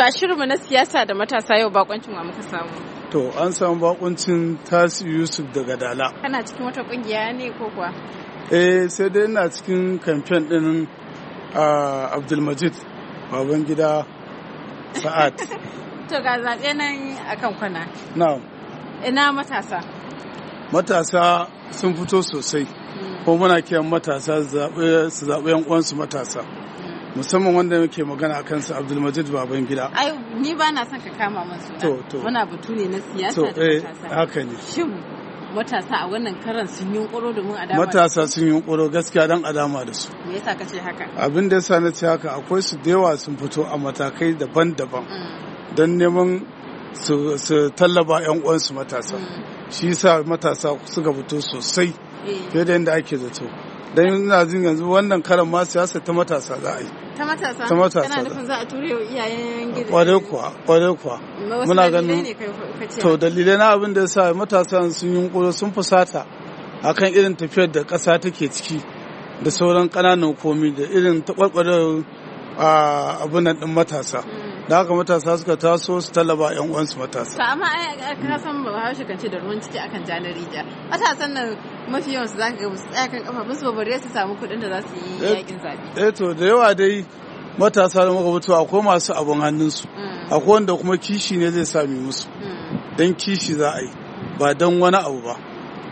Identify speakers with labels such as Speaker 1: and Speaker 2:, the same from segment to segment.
Speaker 1: To a shirinmu na siyasa da matasa yau bakoncin wa muka samu.
Speaker 2: To an samu bakoncin Tasi Yusuf daga Dala.
Speaker 1: Kana cikin wata kungiya ne ko kuwa?
Speaker 2: Eh sai dai ina cikin kamfen din Abdulmajid Babangida Sa'ad.
Speaker 1: to ga zaɓe nan akan kwana. Na'am. Ina matasa.
Speaker 2: Matasa sun fito sosai. Hmm. Ko muna kiyan matasa su zaɓe yan uwansu matasa. musamman wanda muke magana a kansa abdulmajid baban gida
Speaker 1: ai ni ba na son ka kama masu suna to to muna batu ne na siyasa da eh, matasa haka ne shin matasa a wannan karan sun yi ƙoro domin da su? matasa
Speaker 2: sun yi ƙoro gaskiya dan adama da su
Speaker 1: me yasa kace haka
Speaker 2: abin da yasa na ce haka akwai su da yawa sun fito a matakai daban-daban mm. don neman su tallaba yan uwansu matasa mm. shi yasa matasa suka fito sosai eh. fiye da yadda ake zato dan yanzu na jin yanzu wannan karan ma siyasa ta matasa za a yi
Speaker 1: ta matasa ta matasa kana nufin za a ture iyayen gida kware
Speaker 2: kuwa kware kuwa muna ganin to dalilai na abin da yasa matasan sun yi yunkuro sun fusata akan irin tafiyar da ƙasa take ciki da sauran ƙananan komi da irin taɓarɓarar abin nan ɗin matasa mm. da haka matasa suka taso su talaba yan uwansu matasa.
Speaker 1: Amma ai ka san ba shi kan ce da ruwan ciki akan janar rijiya Matasan nan mafi yawan su za ka tsaya kan kafa musu bare su samu kuɗin da za su yi eh, yakin zaɓe.
Speaker 2: eh to da yawa dai matasa da muka mutu akwai masu abin hannunsu mm. akwai wanda kuma kishi ne zai sami musu
Speaker 1: mm.
Speaker 2: don kishi za a yi ba don wani abu ba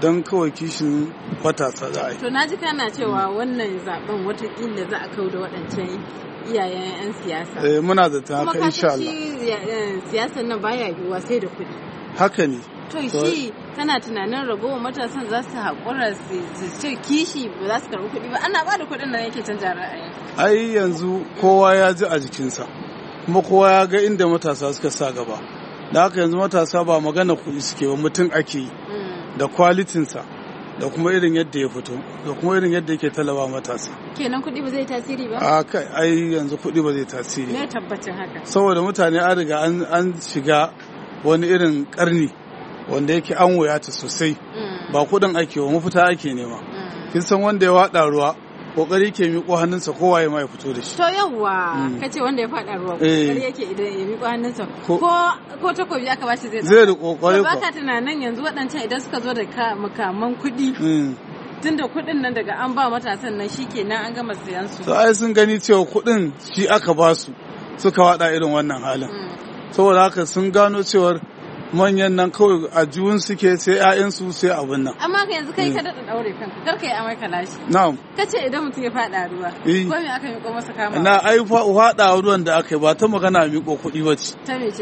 Speaker 2: don kawai kishin matasa za a yi to
Speaker 1: na ji kana cewa wannan zaben watakila za a kawo da waɗancan iyayen 'yan siyasa eh
Speaker 2: muna zata haka insha Allah
Speaker 1: kuma eh, siyasar nan baya yiwuwa sai da kuɗi
Speaker 2: haka ne to shi
Speaker 1: tana tunanin ragowar matasan za su haƙura su ce kishi ba za su karɓi kuɗi ba ana ba da kuɗin nan yake canja ra'ayi
Speaker 2: ai yanzu kowa ya ji a jikinsa kuma kowa ya ga inda matasa suka sa gaba da haka yanzu matasa ba magana kuɗi suke ba mutum ake yi mm. da kwalitinsa da kuma irin yadda ya fito da kuma irin yadda yake talaba matasa
Speaker 1: kenan kuɗi ba zai tasiri ba
Speaker 2: a kai ai yanzu kuɗi ba zai tasiri ne
Speaker 1: tabbacin haka
Speaker 2: saboda mutane an riga an shiga wani irin ƙarni wanda yake an wuya ta sosai mm. ba kudin ake wa mafita ake nema mm. kin san wanda ya wada ruwa kokari ke miƙo hannunsa kowa ya ma ya fito da shi to
Speaker 1: yawwa mm. kace wanda ya fada ruwa kokari eh. yake idan ya miƙo hannunsa ko ko takobi aka bashi zai zai da kokari ba ka tunanin yanzu waɗancan idan suka zo da makaman kuɗi tun da kuɗin nan daga an ba matasan nan shi nan an gama siyan su.
Speaker 2: ai sun gani cewa kuɗin shi aka ba su suka waɗa irin wannan halin. Saboda haka sun gano cewar manyan nan kawai a juwun suke sai 'ya'yansu sai abin nan
Speaker 1: amma ka yanzu kai mm. ka daɗa ɗaure kanka kar ka yi amai ka lashe na'am ka ce idan mutum ya faɗa ruwa eh. ko me aka miƙo masa kama
Speaker 2: na ai faɗa ruwan da aka yi ba ta magana miƙo kuɗi ba ce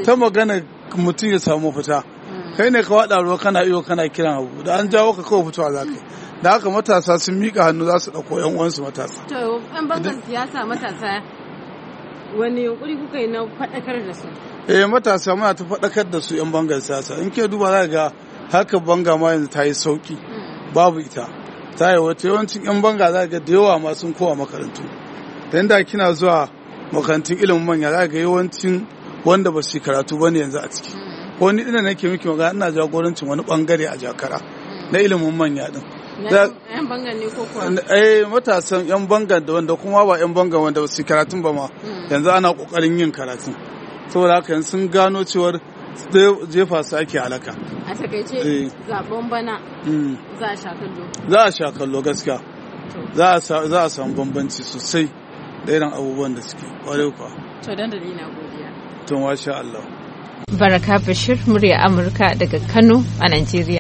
Speaker 2: ta magana mutum ya samu fita mm. kai ne ka faɗa ruwa kana iyo kana kiran abu da an jawo ka kawai fitowa za ka yi da haka matasa sun miƙa hannu za su ɗauko 'yan uwansu matasa
Speaker 1: to ɗan bangar siyasa matasa wani yunkuri kuka yi na faɗakar da su
Speaker 2: eh matasa muna ta faɗakar da su 'yan bangar siyasa in ke duba za ga haka banga ma yanzu ta yi sauki babu ita ta yi wata yawancin 'yan banga za ga da yawa ma sun kowa makarantu da inda kina zuwa makarantun ilimin manya za ga yawancin wanda ba su karatu ba ne yanzu a ciki ko ni ina nake miki magana ina jagorancin wani bangare a jakara na ilimin manya din
Speaker 1: bangan ne
Speaker 2: eh matasan yan bangan da wanda kuma ba yan bangan wanda ba su karatun ba ma hmm. yanzu ana kokarin yin karatun saboda haka sun gano cewar jefa su ake halaka
Speaker 1: a takaice eh. zaben bana hmm. za a sha kallo
Speaker 2: za a sha kallo gaskiya za a samu bambanci sosai da irin abubuwan da suke kwarai kuwa
Speaker 1: to dan da ina godiya
Speaker 2: to masha Allah
Speaker 1: Baraka Bashir murya Amurka daga Kano a Najeriya